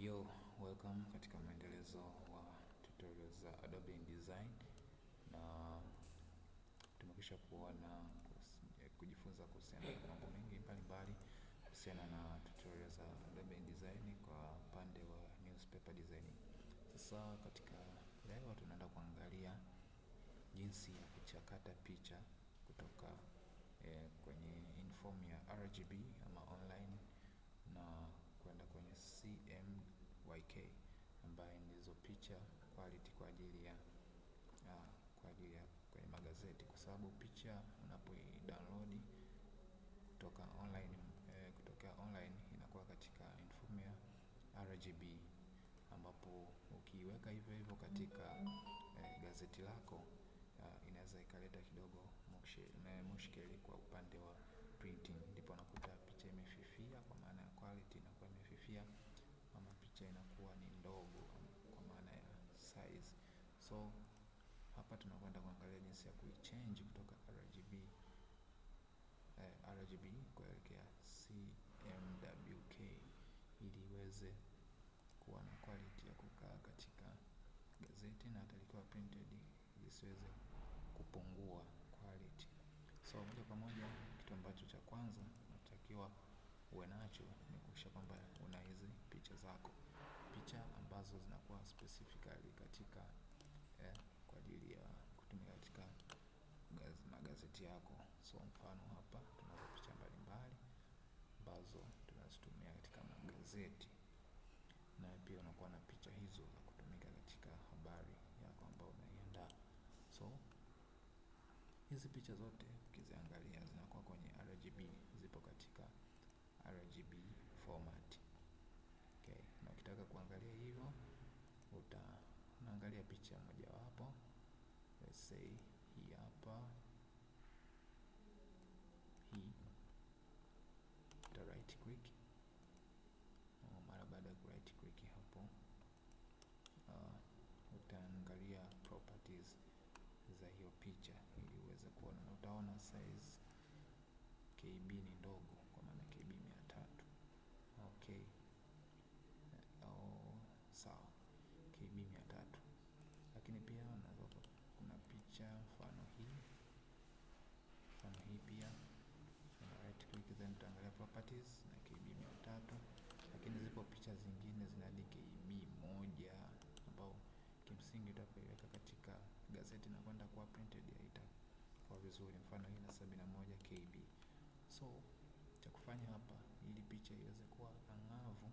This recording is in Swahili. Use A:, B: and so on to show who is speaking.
A: Yo, welcome katika mwendelezo wa tutorial za Adobe InDesign, na tumekisha kuona eh, kujifunza kuhusiana na mambo mengi mbalimbali kuhusiana na tutorial za Adobe InDesign kwa upande wa newspaper design. Sasa katika leo tunaenda kuangalia jinsi ya kuchakata picha kutoka eh, kwenye inform ya RGB ama online CMYK ambaye ndizo picha quality kwa ajili ya ah, kwa ajili ya kwenye magazeti kwa sababu picha unapoidownload kutoka online e, eh, kutoka online inakuwa katika Infomia RGB ambapo ukiweka hivyo hivyo katika eh, gazeti lako ah, inaweza ikaleta kidogo eh, mushkeli kwa upande wa printing, ndipo unakuta picha imefifia, kwa maana ya quality inakuwa imefifia picha inakuwa ni ndogo kwa maana ya size. So hapa tunakwenda kuangalia jinsi ya kuichange kutoka RGB eh, RGB kuelekea CMYK ili iweze kuwa na quality ya kukaa katika gazeti na hata likiwa printed lisiweze kupungua quality. So moja kwa moja, kitu ambacho cha kwanza unatakiwa uwe nacho ni kuhakikisha kwamba una hizi akaunti yako. So mfano hapa tunazo picha mbalimbali ambazo tunazitumia katika magazeti, na pia unakuwa na picha hizo za kutumika katika habari yako ambayo unaiandaa. So hizi picha zote ukiziangalia zinakuwa kwenye RGB, zipo katika RGB format. Okay. Na ukitaka kuangalia hivyo uta picha mojawapo, let's say hii hapa utaona size kb ni ndogo kwa maana kb mia tatu okay. Oh, sawa kb mia tatu lakini pia unaweza kuna picha mfano hii mfano hii pia right click then utaangalia properties na kb mia tatu lakini zipo picha zingine zina hadi kb moja ambao kimsingi utakapoiweka katika gazeti na kwenda kuwa printed haita kwa vizuri, mfano hii na sabini na moja kb. So cha kufanya hapa ili picha iweze kuwa ang'avu